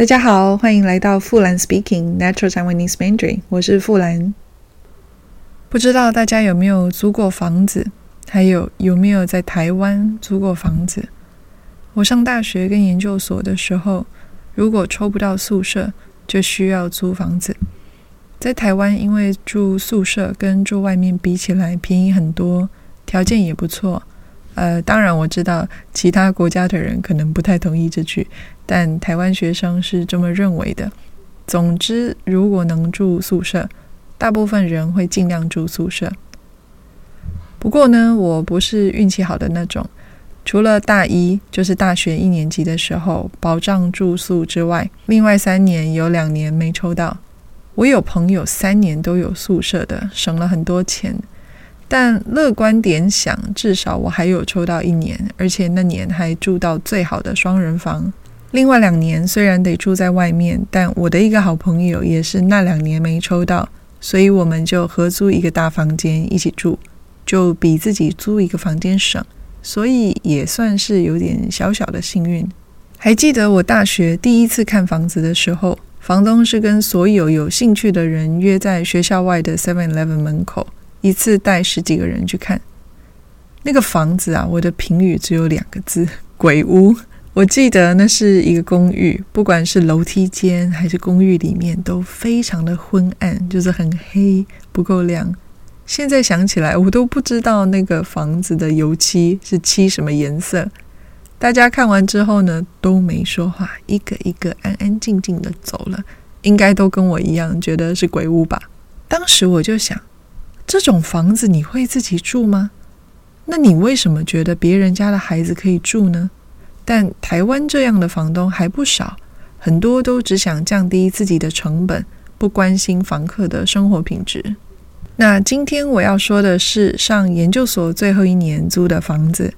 大家好，歡迎來到富蘭 Speaking Natural，Taiwanese Mandarin。 Natural 我是富蘭。不知道大家有沒有租過房子，還有有沒有在台灣租過房子？我上大學跟研究所的時候，如果抽不到宿舍，就需要租房子。在台灣，因為住宿舍跟住外面比起來便宜很多，條件也不錯。呃，當然我知道其他國家的人可能不太同意這句，但台灣學生是這麼認為的。總之，如果能住宿舍，大部分人會儘量住宿舍。不過呢，我不是運氣好的那種，除了大一就是大學一年級的時候保障住宿之外，另外三年有兩年沒抽到。我有朋友三年都有宿舍的，省了很多錢。但樂觀點想，至少我還有抽到一年，而且那年還住到最好的雙人房。另外兩年雖然得住在外面，但我的一個好朋友也是那兩年沒抽到，所以我們就合租一個大房間一起住，就比自己租一個房間省，所以也算是有點小小的幸運。還記得我大學第一次看房子的時候，房東是跟所有有興趣的人約在學校外的 Seven Eleven 門口。一次帶十幾個人去看那個房子啊！我的評語只有兩個字：鬼屋。我記得那是一個公寓，不管是樓梯間還是公寓裡面，都非常的昏暗，就是很黑，不夠亮。現在想起來，我都不知道那個房子的油漆是漆什麼顏色。大家看完之後呢，都沒說話，一個一個安安靜靜的走了，應該都跟我一樣覺得是鬼屋吧？當時我就想，這種房子你會自己住嗎？那你為什麼覺得別人家的孩子可以住呢？但台灣這樣的房東還不少，很多都只想降低自己的成本，不關心房客的生活品質。那今天我要說的是上研究所最後一年租的房子。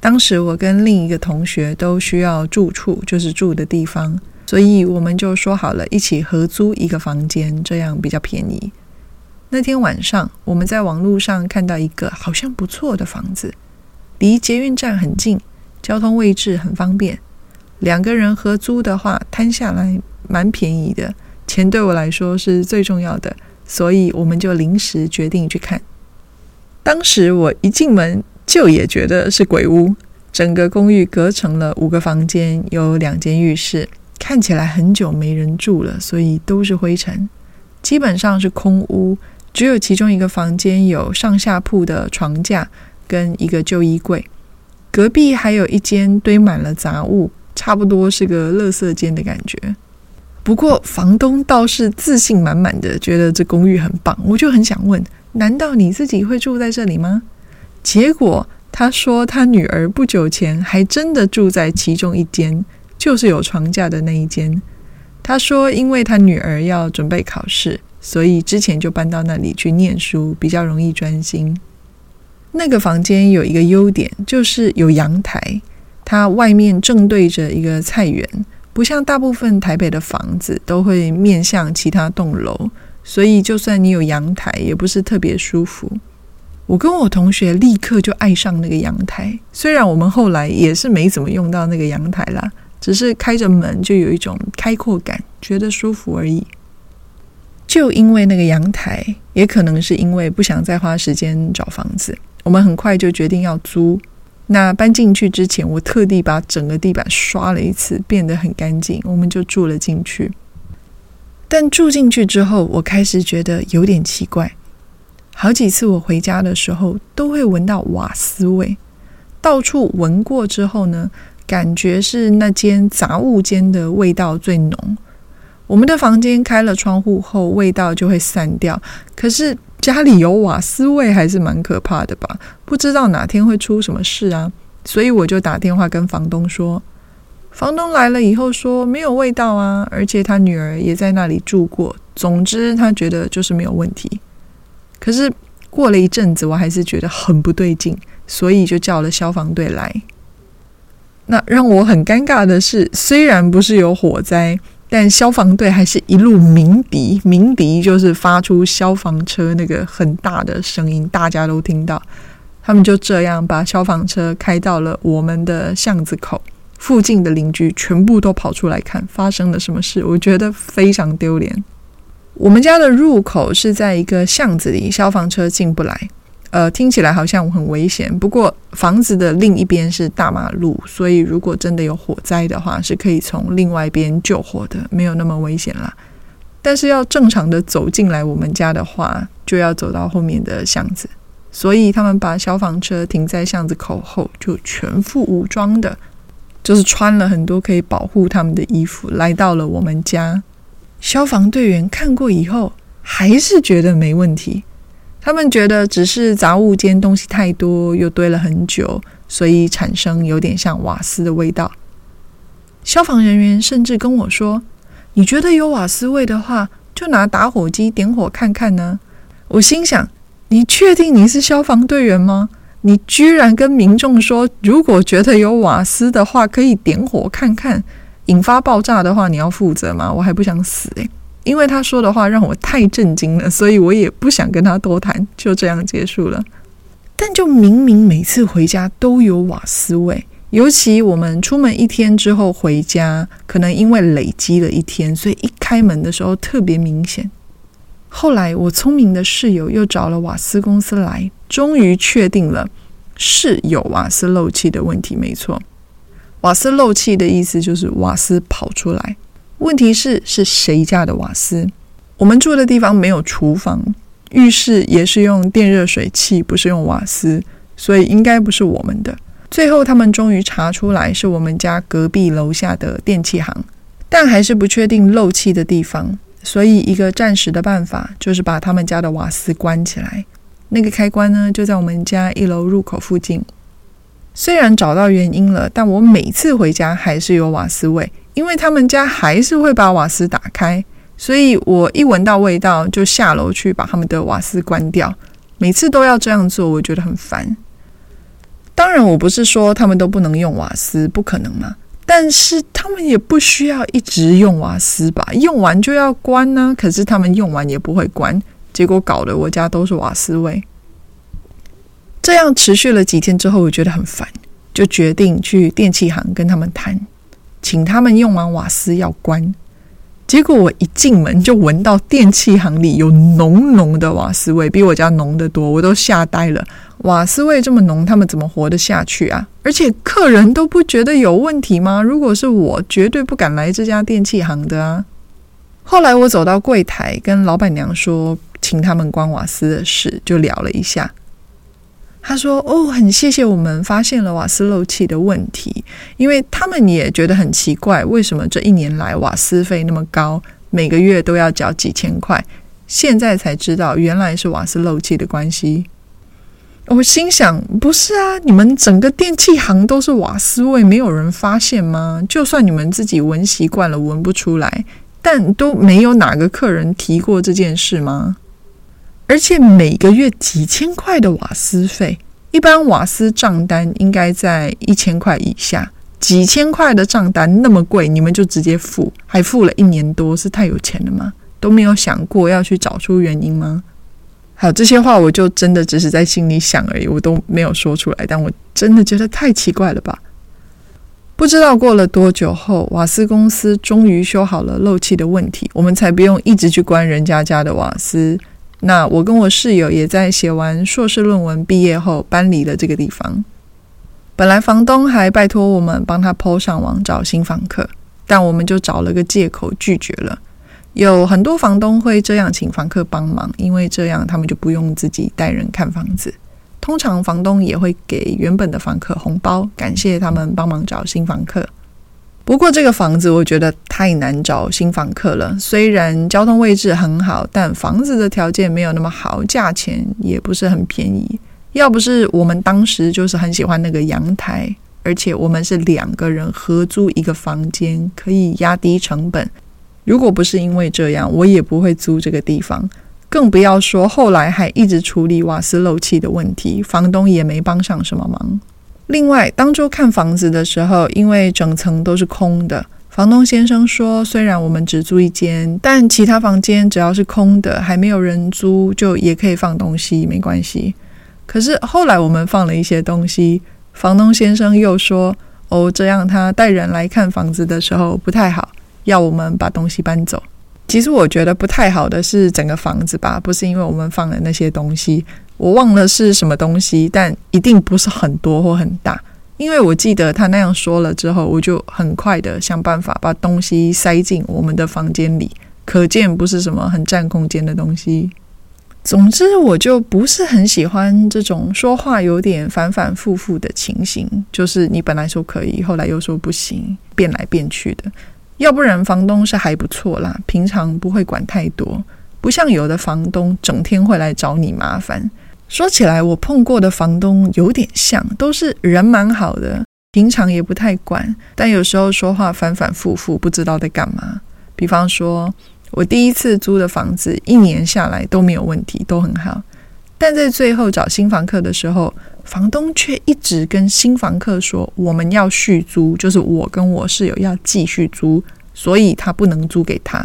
當時我跟另一個同學都需要住處，就是住的地方，所以我們就說好了一起合租一個房間，這樣比較便宜。那天晚上，我們在網路上看到一個好像不錯的房子，離捷運站很近，交通位置很方便。兩個人合租的話，攤下來蠻便宜的。錢對我來說是最重要的，所以我們就臨時決定去看。當時我一進門就也覺得是鬼屋，整個公寓隔成了五個房間，有兩間浴室，看起來很久沒人住了，所以都是灰塵，基本上是空屋。只有其中一個房間有上下鋪的床架跟一個舊衣櫃，隔壁還有一間堆滿了雜物，差不多是個垃圾間的感覺。不過房東倒是自信滿滿的，覺得這公寓很棒。我就很想問：難道你自己會住在這裡嗎？結果他說他女兒不久前還真的住在其中一間，就是有床架的那一間。他說，因為他女兒要準備考試。所以之前就搬到那裡去念書，比較容易專心。那個房間有一個優點，就是有陽台，它外面正對着一個菜園，不像大部分台北的房子都會面向其他棟樓，所以就算你有陽台，也不是特別舒服。我跟我同學立刻就愛上那個陽台，雖然我們後來也是沒怎麼用到那個陽台啦，只是開着門就有一種開闊感，覺得舒服而已。就因為那個陽臺，也可能是因為不想再花時間找房子，我們很快就決定要租。那搬進去之前，我特地把整個地板刷了一次，變得很乾淨。我們就住了進去。但住進去之後，我開始覺得有點奇怪。好幾次我回家的時候，都會聞到瓦斯味。到處聞過之後呢，感覺是那間雜物間的味道最濃。我們的房間開了窗戶後，味道就會散掉。可是家裡有瓦斯味，還是蠻可怕的吧？不知道哪天會出什麼事啊。所以我就打電話跟房東說。房東來了以後說沒有味道啊，而且他女兒也在那裡住過。總之他覺得就是沒有問題。可是過了一陣子，我還是覺得很不對勁，所以就叫了消防隊來。那讓我很尷尬的是，雖然不是有火災。但消防隊還是一路鳴笛，鳴笛就是發出消防車那個很大的聲音，大家都聽到。他們就這樣把消防車開到了我們的巷子口，附近的鄰居全部都跑出來看發生了什麼事。我覺得非常丟臉。我們家的入口是在一個巷子裡，消防車進不來。呃，聽起來好像很危險。不過房子的另一邊是大馬路，所以如果真的有火災的話，是可以從另外一邊救火的，沒有那麼危險啦。但是要正常的走進來我們家的話，就要走到後面的巷子。所以他們把消防車停在巷子口後，就全副武裝的，就是穿了很多可以保護他們的衣服，來到了我們家。消防隊員看過以後，還是覺得沒問題。他們覺得只是雜物間東西太多，又堆了很久，所以產生有點像瓦斯的味道。消防人員甚至跟我說：“你覺得有瓦斯味的話，就拿打火機點火看看呢。”我心想：“你確定你是消防隊員嗎？你居然跟民眾說，如果覺得有瓦斯的話，可以點火看看，引發爆炸的話，你要負責嗎？我還不想死欸。因為他說的話讓我太震驚了，所以我也不想跟他多談，就這樣結束了。但就明明每次回家都有瓦斯味，尤其我們出門一天之後回家，可能因為累積了一天，所以一開門的時候特別明顯。後來我聰明的室友又找了瓦斯公司來，終於確定了是有瓦斯漏氣的問題。沒錯，瓦斯漏氣的意思就是瓦斯跑出來。問題是是誰家的瓦斯？我們住的地方沒有廚房，浴室也是用電熱水器，不是用瓦斯，所以應該不是我們的。最後，他們終於查出來是我們家隔壁樓下的電器行，但還是不確定漏氣的地方。所以，一個暫時的辦法就是把他們家的瓦斯關起來。那個開關呢，就在我們家一樓入口附近。雖然找到原因了，但我每次回家還是有瓦斯味。因為他們家還是會把瓦斯打開，所以我一聞到味道就下樓去把他們的瓦斯關掉。每次都要這樣做，我覺得很煩。當然，我不是說他們都不能用瓦斯，不可能嘛。但是他們也不需要一直用瓦斯吧？用完就要關呢、啊。可是他們用完也不會關，結果搞得我家都是瓦斯味。這樣持續了幾天之後，我覺得很煩，就決定去電器行跟他們談。請他們用完瓦斯要關，結果我一進門就聞到電器行裡有濃濃的瓦斯味，比我家濃得多，我都嚇呆了。瓦斯味這麼濃，他們怎麼活得下去啊？而且客人都不覺得有問題嗎？如果是我，絕對不敢來這家電器行的啊。後來我走到櫃檯，跟老闆娘說請他們關瓦斯的事，就聊了一下。他說：“哦，很謝謝我們發現了瓦斯漏氣的問題，因為他們也覺得很奇怪，為什麼這一年來瓦斯費那麼高，每個月都要繳幾千塊，現在才知道原來是瓦斯漏氣的關係。”我心想：“不是啊，你們整個電器行都是瓦斯味，沒有人發現嗎？就算你們自己聞習慣了，聞不出來，但都沒有哪個客人提過這件事嗎？”而且每個月幾千塊的瓦斯費，一般瓦斯賬單應該在一千塊以下，幾千塊的賬單那麼貴，你們就直接付，還付了一年多，是太有錢了嗎？都沒有想過要去找出原因嗎？好，這些話我就真的只是在心裡想而已，我都沒有說出來，但我真的覺得太奇怪了吧？不知道過了多久後，瓦斯公司終於修好了漏氣的問題，我們才不用一直去關人家家的瓦斯。那我跟我室友也在寫完碩士論文畢業後搬離了這個地方。本來房東還拜托我們幫他 po 上網找新房客，但我們就找了個借口拒絕了。有很多房東會這樣請房客幫忙，因為這樣他們就不用自己帶人看房子。通常房東也會給原本的房客紅包，感謝他們幫忙找新房客。不過這個房子，我覺得太難找新房客了，雖然交通位置很好，但房子的條件沒有那麼好，價錢也不是很便宜。要不是我們當時就是很喜歡那個陽台，而且我們是兩個人合租一個房間，可以壓低成本。如果不是因為這樣，我也不會租這個地方。更不要說後來還一直處理瓦斯漏氣的問題，房東也沒幫上什麼忙。另外，當初看房子的時候，因為整層都是空的，房東先生說，雖然我們只租一間，但其他房間只要是空的，還沒有人租，就也可以放東西，沒關係。可是後來我們放了一些東西，房東先生又說：“哦，這樣他帶人來看房子的時候不太好，要我們把東西搬走。”其實我覺得不太好的是整個房子吧，不是因為我們放了那些東西。我忘了是什麼東西，但一定不是很多或很大，因為我記得他那樣說了之後，我就很快的想辦法把東西塞進我們的房間裡，可見不是什麼很占空間的東西。總之，我就不是很喜歡這種說話有點反反复复的情形，就是你本來說可以，後來又說不行，變來變去的。要不然房東是還不錯啦，平常不會管太多，不像有的房東整天會來找你麻煩。說起來，我碰過的房東有點像，都是人蠻好的，平常也不太管，但有時候說話反反复复，不知道在幹嘛。比方說，我第一次租的房子，一年下來都沒有問題，都很好。但在最後找新房客的時候，房東卻一直跟新房客說：“我們要續租，就是我跟我室友要繼續租，所以他不能租給他。”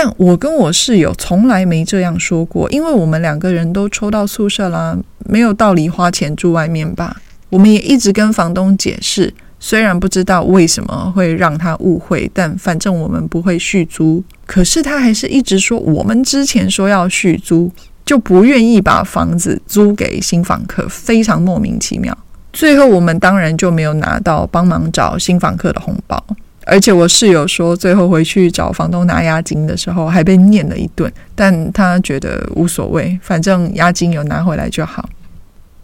但我跟我室友從來沒這樣說過，因為我們兩個人都抽到宿舍啦，沒有道理花錢住外面吧。我們也一直跟房東解釋，雖然不知道為什麼會讓他誤會，但反正我們不會續租。可是他還是一直說我們之前說要續租，就不願意把房子租給新房客，非常莫名其妙。最後我們當然就沒有拿到幫忙找新房客的紅包。而且我室友說，最後回去找房東拿押金的時候，還被念了一頓。但他覺得無所謂，反正押金有拿回來就好。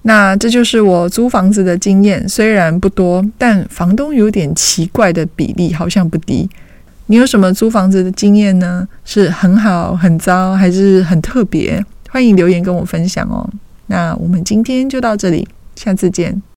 那這就是我租房子的經驗，雖然不多，但房東有點奇怪的比例好像不低。你有什麼租房子的經驗呢？是很好、很糟，還是很特別？歡迎留言跟我分享哦。那我們今天就到這裡，下次見。